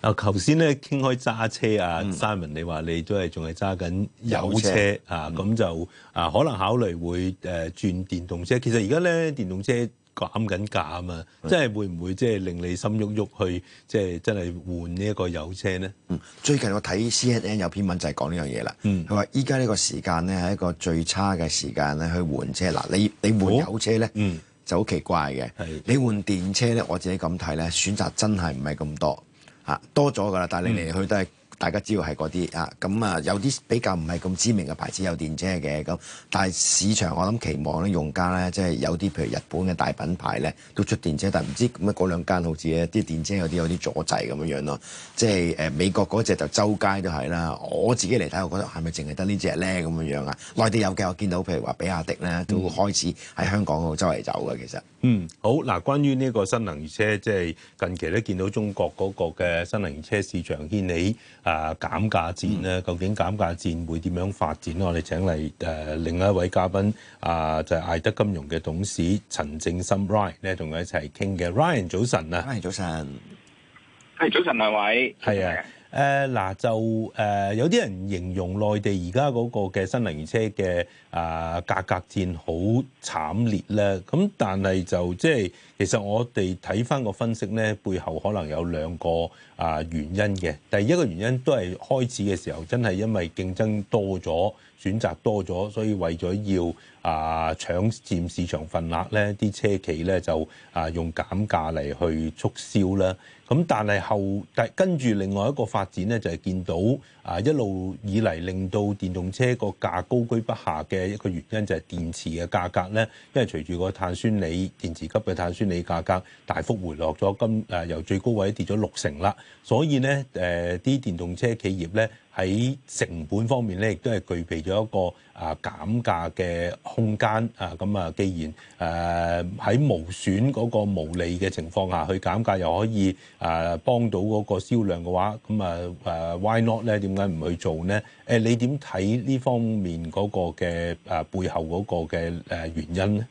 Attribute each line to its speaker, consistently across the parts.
Speaker 1: 嗱、啊，頭先咧傾開揸車啊，Simon 你話你都係仲係揸緊有車,有車啊，咁、嗯、就啊可能考慮會誒轉電動車。其實而家咧電動車減緊價啊嘛，嗯、真係會唔會即係令你心喐喐去即係真係換呢一個有車咧？嗯，
Speaker 2: 最近我睇 C N N 有篇文就係講呢樣嘢啦。嗯，佢話依家呢個時間咧係一個最差嘅時間咧去換車。嗱、嗯，你你換有車咧，嗯，就好奇怪嘅。係，你換電車咧，我自己咁睇咧，選擇真係唔係咁多。啊，多咗㗎啦，但係你嚟嚟去去都係。大家知道係嗰啲啊，咁、嗯、啊有啲比較唔係咁知名嘅牌子有電車嘅咁、嗯，但係市場我諗期望咧，用家咧即係有啲譬如日本嘅大品牌咧都出電車，但係唔知咁啊嗰兩間好似啲電車有啲有啲阻滯咁樣樣咯，即係誒美國嗰隻就周街都係啦。我自己嚟睇，我覺得係咪淨係得呢隻咧咁樣樣啊？內地有嘅，我見到譬如話比亞迪咧都開始喺香港嗰度周圍走嘅，其實嗯
Speaker 1: 好嗱，關於呢個新能源車，即係近期咧見到中國嗰個嘅新能源車市場掀起。啊，減價戰咧，究竟減價戰會點樣發展？嗯、我哋請嚟誒、呃、另一位嘉賓，啊、呃，就係、是、艾德金融嘅董事陳政深 Ryan 咧，同佢一齊傾嘅。Ryan 早晨啊，早晨，係早晨兩位，
Speaker 3: 係啊。
Speaker 1: 誒、呃、嗱就誒、呃、有啲人形容內地而家嗰個嘅新能源車嘅啊價格戰好慘烈啦，咁但係就即係其實我哋睇翻個分析咧，背後可能有兩個啊、呃、原因嘅。第一個原因都係開始嘅時候真係因為競爭多咗、選擇多咗，所以為咗要啊！搶佔市場份額咧，啲車企咧就啊用減價嚟去促銷啦。咁但係後，但跟住另外一個發展咧，就係見到啊一路以嚟令到電動車個價高居不下嘅一個原因，就係電池嘅價格咧，因為隨住個碳酸鋰電池級嘅碳酸鋰價格大幅回落咗，今由最高位跌咗六成啦。所以咧，誒啲電動車企業咧。喺成本方面咧，亦都係具備咗一個啊減價嘅空間啊，咁啊既然誒喺無損嗰個無利嘅情況下，去減價又可以啊幫到嗰個銷量嘅話，咁啊誒 why not 咧？點解唔去做咧？誒你點睇呢方面嗰個嘅啊背後嗰個嘅誒原因咧？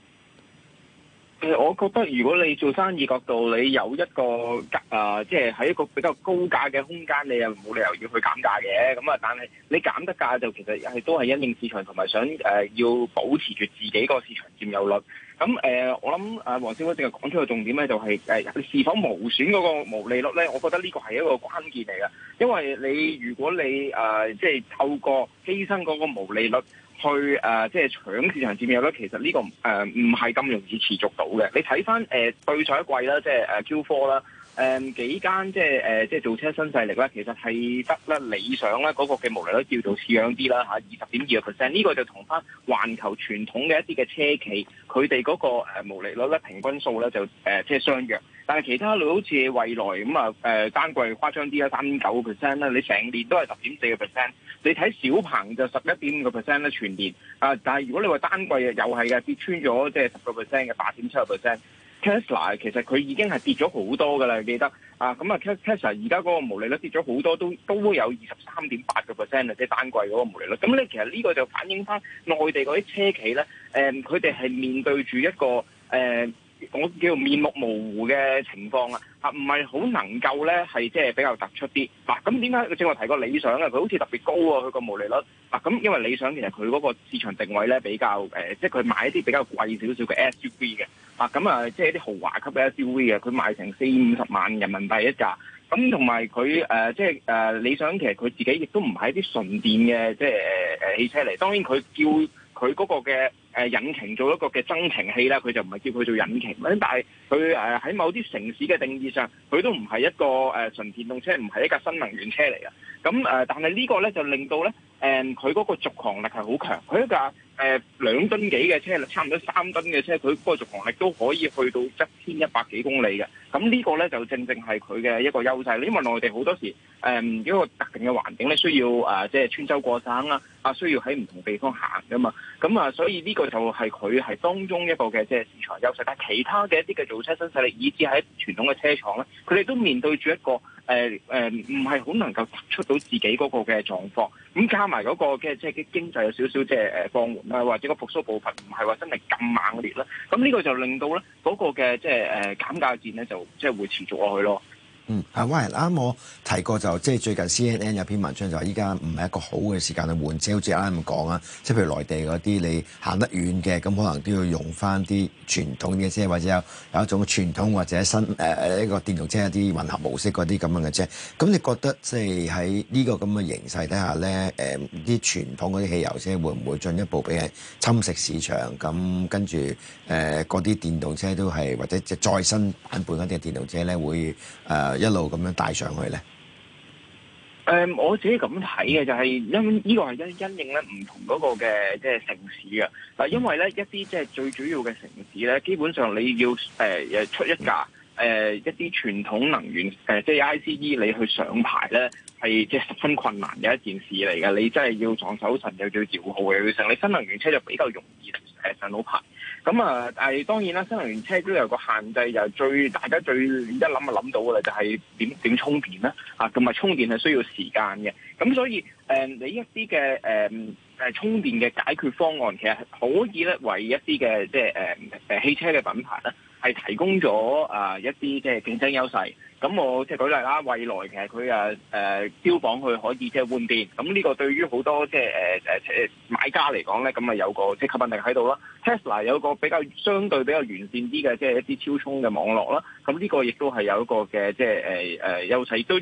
Speaker 3: 誒，我覺得如果你做生意角度，你有一個價，即係喺一個比較高價嘅空間，你又冇理由要去減價嘅。咁啊，但係你減得價就其實係都係因應市場同埋想誒、呃，要保持住自己個市場佔有率。咁誒、呃，我諗啊，黃先生正係講出個重點咧、就是，就係誒，是否無損嗰個毛利率咧？我覺得呢個係一個關鍵嚟嘅，因為你如果你誒，即、呃、係、就是、透過犧牲嗰個毛利率。去誒、呃，即係搶市場佔有率，其實呢、這個誒唔係咁容易持續到嘅。你睇翻誒對上一季啦，即係誒 Q4 啦。誒、嗯、幾間即係誒、呃、即係做車新勢力咧，其實係得咧理想咧嗰、那個嘅毛利率叫做似樣啲啦嚇，二十點二個 percent 呢個就同翻環球傳統嘅一啲嘅車企佢哋嗰個毛利、呃、率咧平均數咧就誒、呃、即係相若，但係其他類好似蔚來咁啊誒單季誇張啲啦，三點九個 percent 啦，你成年都係十點四個 percent，你睇小鵬就十一點五個 percent 啦。全年啊、呃，但係如果你話單季又係嘅跌穿咗即係十個 percent 嘅八點七個 percent。Tesla 其實佢已經係跌咗好多㗎喇，記得啊咁啊，Tesla 而家嗰個毛利率跌咗好多，都都有二十三點八個 percent 啊，即係單季嗰個毛利率。咁咧，英文嗯、你其實呢個就反映返內地嗰啲車企咧，誒佢哋係面對住一個誒。呃我叫做面目模糊嘅情況啊，嚇唔係好能夠咧，係即係比較突出啲。嗱、啊，咁點解佢正話提個理想啊？佢好似特別高喎、啊，佢個毛利率。嗱、啊，咁因為理想其實佢嗰個市場定位咧，比較誒，即係佢賣一啲比較貴少少嘅 SUV 嘅。啊，咁啊，即係啲豪華級嘅 SUV 嘅，佢賣成四五十萬人民幣一架。咁同埋佢誒，即係誒理想其實佢自己亦都唔係一啲純電嘅，即係誒汽車嚟。當然佢叫佢嗰個嘅。誒引擎做一個嘅增程器啦，佢就唔係叫佢做引擎，但係佢誒喺某啲城市嘅定義上，佢都唔係一個誒純電動車，唔係一架新能源車嚟嘅。咁誒，但係呢個咧就令到咧，誒佢嗰個續航力係好強，佢一架。誒、呃、兩噸幾嘅車，差唔多三噸嘅車，佢個續航力都可以去到一千一百幾公里嘅。咁呢個呢，就正正係佢嘅一個優勢。因為內地好多時誒、呃、一個特定嘅環境呢，需要誒即係穿州過省啦，啊需要喺唔同地方行噶嘛。咁啊，所以呢個就係佢係當中一個嘅即係市場優勢。但其他嘅一啲嘅造車新勢力，以至喺傳統嘅車廠呢，佢哋都面對住一個。誒誒唔係好能夠突出到自己嗰個嘅狀況，咁加埋嗰個嘅即係嘅經濟有少少即係誒放緩啦，或者個復甦步伐唔係話真係咁猛烈啦，咁呢個就令到咧嗰個嘅即係誒減價戰咧就即係會持續落去咯。
Speaker 2: 嗯，阿 Y 啱我提過就即係最近 CNN 有篇文章就話依家唔係一個好嘅時間去換車，好似啱啱咁講啊。即係譬如內地嗰啲你行得遠嘅，咁可能都要用翻啲傳統嘅車，或者有有一種傳統或者新誒、呃、一個電動車一啲混合模式嗰啲咁樣嘅車。咁你覺得即係喺呢個咁嘅形勢底下咧，啲、呃、傳統嗰啲汽油車會唔會進一步俾人侵蝕市場？咁跟住誒嗰啲電動車都係或者即係再新版本嗰啲電動車咧會誒？呃一路咁樣帶上去咧？
Speaker 3: 誒、嗯，我自己咁睇嘅就係因呢個係因因應咧唔同嗰個嘅即係城市嘅嗱，因為咧、就是、一啲即係最主要嘅城市咧，基本上你要誒誒、呃、出一架誒、呃、一啲傳統能源誒即係 ICE，你去上牌咧係即係十分困難嘅一件事嚟嘅。你真係要撞手神又要搖號又要成，你新能源車就比較容易誒上到牌。咁、嗯、啊，誒當然啦，新能源車都有一個限制，就最大家最一諗就諗到嘅啦，就係點點充電啦，啊，同埋充電係需要時間嘅，咁所以誒、呃、你一啲嘅誒誒充電嘅解決方案，其實可以咧為一啲嘅即係誒誒汽車嘅品牌咧，係提供咗誒一啲即係競爭優勢，咁我即係舉例啦。蔚來其實佢誒誒標榜佢可以即係換電，咁呢個對於好多即係誒誒買家嚟講咧，咁啊有個即係吸引力喺度咯。Tesla 有個比較相對比較完善啲嘅即係一啲、就是、超充嘅網絡啦，咁呢個亦都係有一個嘅即係誒誒優勢，都。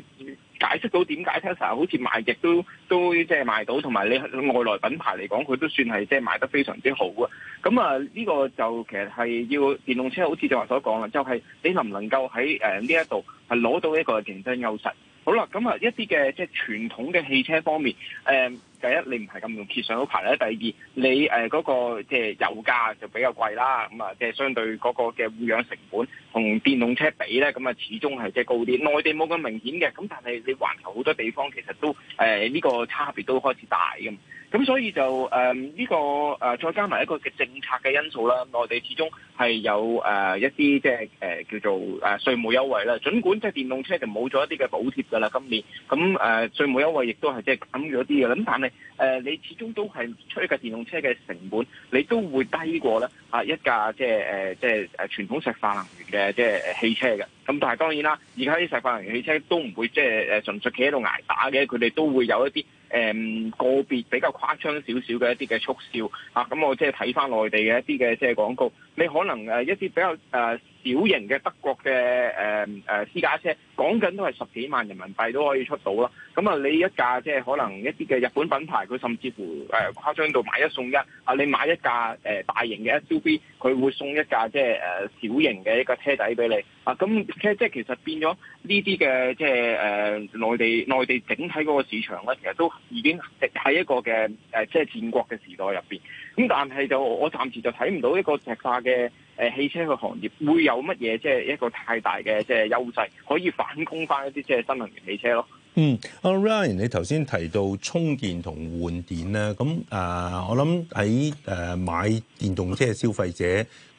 Speaker 3: 解釋到點解 Tesla 好似賣極都都即係賣到，同埋你外來品牌嚟講，佢都算係即係賣得非常之好啊！咁啊，呢個就其實係要電動車，好似就話所講啦，就係、是、你能唔能夠喺呢、呃、一度係攞到呢個競爭優勢？好啦，咁啊一啲嘅即係傳統嘅汽車方面，誒、嗯、第一你唔係咁容易上到牌咧，第二你誒嗰、呃那個即係油價就比較貴啦，咁、嗯、啊即係相對嗰個嘅護養成本同電動車比咧，咁、嗯、啊始終係即係高啲。內地冇咁明顯嘅，咁但係你環球好多地方其實都誒呢、呃這個差別都開始大嘅。咁所以就誒呢、嗯這個誒再加埋一個嘅政策嘅因素啦。內地始終係有誒一啲即係誒叫做誒稅務優惠啦。儘管即係電動車就冇咗一啲嘅補貼噶啦，今年咁誒、呃、稅務優惠亦都係即係減咗啲嘅。咁但係誒、呃、你始終都係出一架電動車嘅成本，你都會低過咧啊一架即係誒即係誒傳統石化能源嘅即係汽車嘅。咁但係當然啦，而家啲石化能源汽車都唔會即係誒純粹企喺度挨打嘅，佢哋都會有一啲。誒個別比較誇張少少嘅一啲嘅促銷啊，咁我即係睇返內地嘅一啲嘅即係廣告，你可能誒一啲比較誒，小型嘅德國嘅誒誒私家車，講緊都係十幾萬人民幣都可以出到啦。咁啊，你一架即係可能一啲嘅日本品牌，佢甚至乎誒誇張到買一送一啊！你買一架誒大型嘅 SUV，佢會送一架即係誒小型嘅一個車仔俾你啊！咁即即係其實變咗呢啲嘅即係誒內地內地整體嗰個市場咧，其實都已經喺一個嘅誒即係戰國嘅時代入邊。咁但係就我暫時就睇唔到一個石化嘅。誒汽車嘅行業會有乜嘢即係一個太大嘅即係優勢，可以反攻翻一啲即係新能源汽車咯？
Speaker 1: 嗯，阿 Ryan，你頭先提到充電同換電咧，咁啊、呃，我諗喺誒買電動車嘅消費者，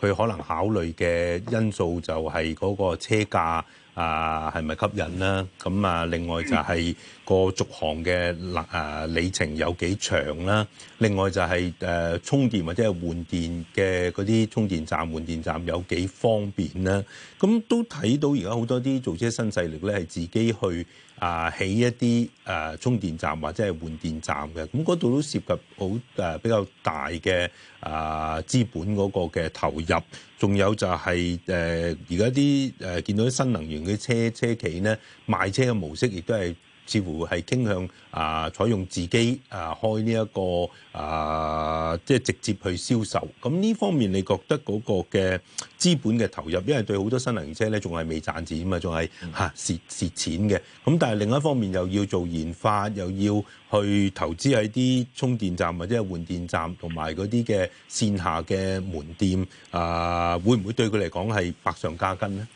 Speaker 1: 佢可能考慮嘅因素就係嗰個車價啊，係咪吸引啦？咁啊，另外就係個續航嘅能啊里程有幾長啦，另外就係、是、誒、呃、充電或者係換電嘅嗰啲充電站換電站有幾方便啦。咁都睇到而家好多啲造車新勢力咧，係自己去。啊！起一啲誒、啊、充電站或者係換電站嘅，咁嗰度都涉及好誒、啊、比較大嘅啊資本嗰個嘅投入，仲有就係誒而家啲誒見到啲新能源嘅車車企咧賣車嘅模式亦都係。似乎係傾向啊，採用自己啊開呢一個啊，即係直接去銷售。咁呢方面，你覺得嗰個嘅資本嘅投入，因為對好多新能源車咧，仲係未賺錢啊，仲係嚇蝕蝕錢嘅。咁但係另一方面，又要做研發，又要去投資喺啲充電站或者係換電站同埋嗰啲嘅線下嘅門店啊，會唔會對佢嚟講係百上加斤咧？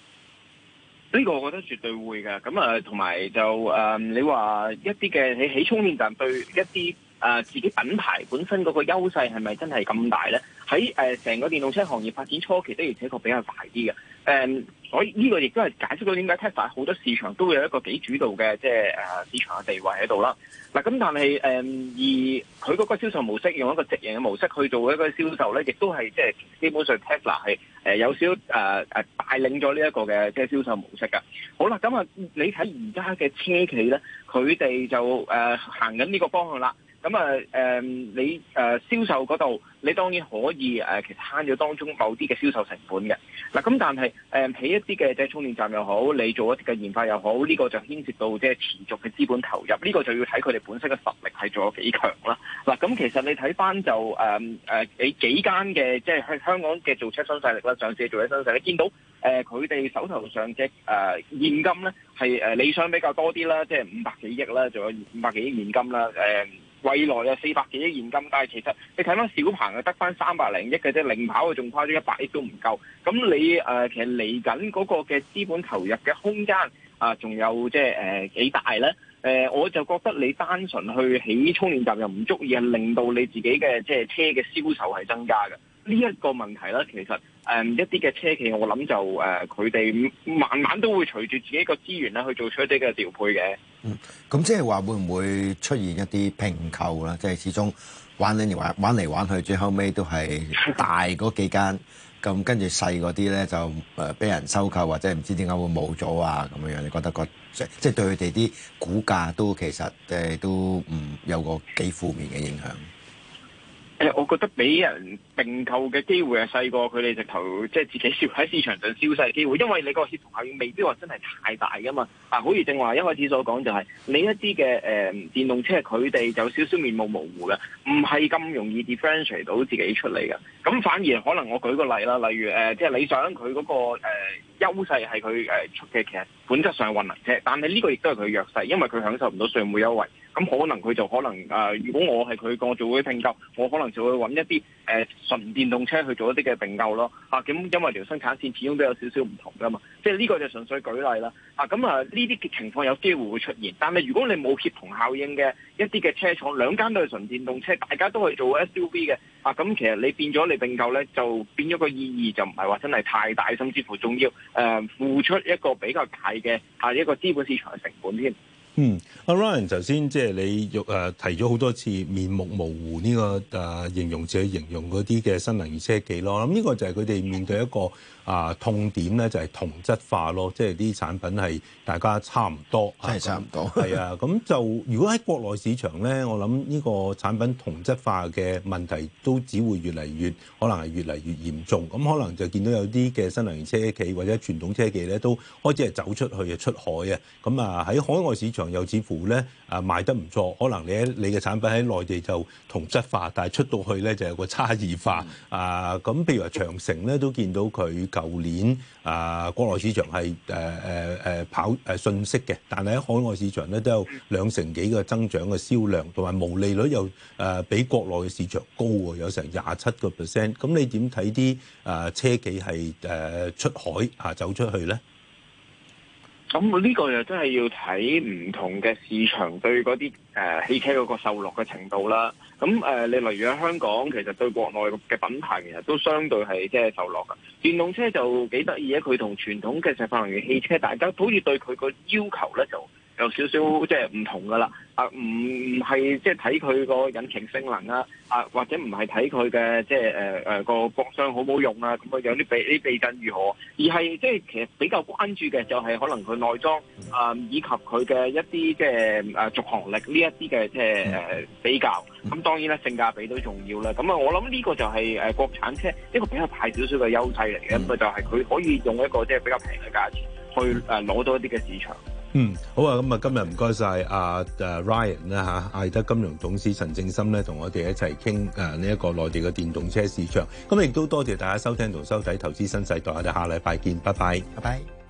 Speaker 3: 呢、這個我覺得絕對會嘅，咁啊，同埋就誒、啊，你話一啲嘅起起充電站對一啲誒、啊、自己品牌本身嗰個優勢係咪真係咁大咧？喺誒成個電動車行業發展初期的，而且確比較大啲嘅，誒、呃，所以呢個亦都係解釋到點解 Tesla 好多市場都會有一個幾主導嘅即係誒市場嘅地位喺度啦。嗱、呃，咁但係誒、呃，而佢嗰個銷售模式用一個直營嘅模式去做一個銷售咧，亦都係即係基本上 Tesla 係誒、呃、有少誒誒、呃、帶領咗呢一個嘅即係銷售模式㗎。好啦，咁啊，你睇而家嘅車企咧，佢哋就誒行緊呢個方向啦。咁、嗯、啊，你誒銷售嗰度，你當然可以誒、啊，其實慳咗當中某啲嘅銷售成本嘅。嗱、啊，咁但係誒，起、啊、一啲嘅即係充電站又好，你做一啲嘅研發又好，呢、這個就牽涉到即係持續嘅資本投入。呢、這個就要睇佢哋本身嘅實力係做幾強啦。嗱、啊，咁、啊、其實你睇翻就誒你、啊啊、幾間嘅即係香港嘅做造車新勢力啦，上市做造車新勢力。見到誒佢哋手頭上嘅誒、啊、現金咧，係、啊、理想比較多啲啦，即係五百幾億啦，仲有五百幾億現金啦，啊未來啊四百幾億現金，但係其實你睇翻小鵬啊，得翻三百零億嘅啫，零跑啊仲花咗一百億都唔夠。咁你誒、呃、其實嚟緊嗰個嘅資本投入嘅空間啊，仲、呃、有即係誒幾大咧？誒、呃、我就覺得你單純去起充電站又唔足以，令到你自己嘅即係車嘅銷售係增加嘅呢一個問題呢，其實。誒一啲嘅車企，我諗就誒佢哋慢慢都會隨住自己個資源咧，去做出一啲嘅調
Speaker 2: 配嘅。嗯，咁即係話會唔會出現一啲併購啦？即係始終玩嚟玩玩嚟玩去，最後尾都係大嗰幾間咁， 跟住細嗰啲咧就誒俾人收購或者唔知點解會冇咗啊？咁樣樣，你覺得個即係對佢哋啲股價都其實誒都唔有個幾負面嘅影響。
Speaker 3: 誒，我覺得俾人併購嘅機會係細過佢哋直頭即係自己喺市場上消失嘅機會，因為你個協同效應未必話真係太大噶嘛。啊，好似正話一開始所講就係、是，你一啲嘅誒電動車，佢哋有少少面目模糊嘅，唔係咁容易 differentiate 到自己出嚟嘅。咁反而可能我舉個例啦，例如誒、呃，即係理想佢嗰、那個誒優勢係佢誒出嘅，其實本質上係混能車，但係呢個亦都係佢弱勢，因為佢享受唔到稅務優惠。咁可能佢就可能誒、呃，如果我係佢個做啲併購，我可能就會揾一啲誒、呃、純電動車去做一啲嘅併購咯咁、啊、因為條生產線始終都有少少唔同噶嘛，即係呢個就純粹舉例啦。啊，咁啊呢啲、啊、情況有機會會出現，但係如果你冇協同效應嘅一啲嘅車廠，兩間都係純電動車，大家都係做 SUV 嘅，啊咁、啊、其實你變咗你併購咧就變咗個意義就唔係話真係太大，甚至乎仲要、啊、付出一個比較大嘅啊一個資本市場嘅成本添。
Speaker 1: 嗯，阿 Ryan，頭先即係你用誒提咗好多次面目模糊呢個誒形容詞嚟形容嗰啲嘅新能源車企咯。咁呢個就係佢哋面對一個啊痛點咧，就係、是、同質化咯。即係啲產品係大家差唔多，真係差唔多。係啊，咁就如果喺國內市場咧，我諗呢個產品同質化嘅問題都只會越嚟越可能係越嚟越嚴重。咁可能就見到有啲嘅新能源車企或者傳統車企咧，都開始係走出去啊出海啊。咁啊喺海外市場。又似乎咧，啊賣得唔錯，可能你喺你嘅產品喺內地就同質化，但係出到去咧就有個差異化。嗯、啊，咁譬如話長城咧，都見到佢舊年啊國內市場係誒誒誒跑誒訊、啊、息嘅，但係喺海外市場咧都有兩成幾嘅增長嘅銷量，同埋毛利率又誒比國內嘅市場高喎，有成廿七個 percent。咁、嗯、你點睇啲啊車企係誒、啊、出海啊走出去咧？
Speaker 3: 咁呢個又真係要睇唔同嘅市場對嗰啲誒汽車嗰個受落嘅程度啦。咁誒、呃，你例如喺香港，其實對國內嘅品牌其實都相對係即係受落嘅。電動車就幾得意嘅，佢同傳統嘅石化能源汽車，大家好似對佢個要求咧就。有少少即係唔同噶啦，啊，唔係即係睇佢個引擎性能啊，啊，或者唔係睇佢嘅即係誒誒個波箱好冇用啊，咁啊，有啲避啲避震如何，而係即係其實比較關注嘅就係可能佢內裝啊，以及佢嘅一啲即係啊，續航力呢一啲嘅即係誒比較，咁當然啦，性價比都重要啦，咁啊，我諗呢個就係誒國產車一個比較大少少嘅優勢嚟嘅，咁佢就係、是、佢可以用一個即係比較平嘅價錢去誒攞、呃、到一啲嘅市場。
Speaker 1: 嗯，好啊，咁啊，今日唔該晒阿 Ryan 啦，艾德金融董事陳正森咧，同我哋一齊傾誒呢一個內地嘅電動車市場。咁亦都多謝大家收聽同收睇《投資新世代》，我哋下禮拜見，拜拜，拜拜。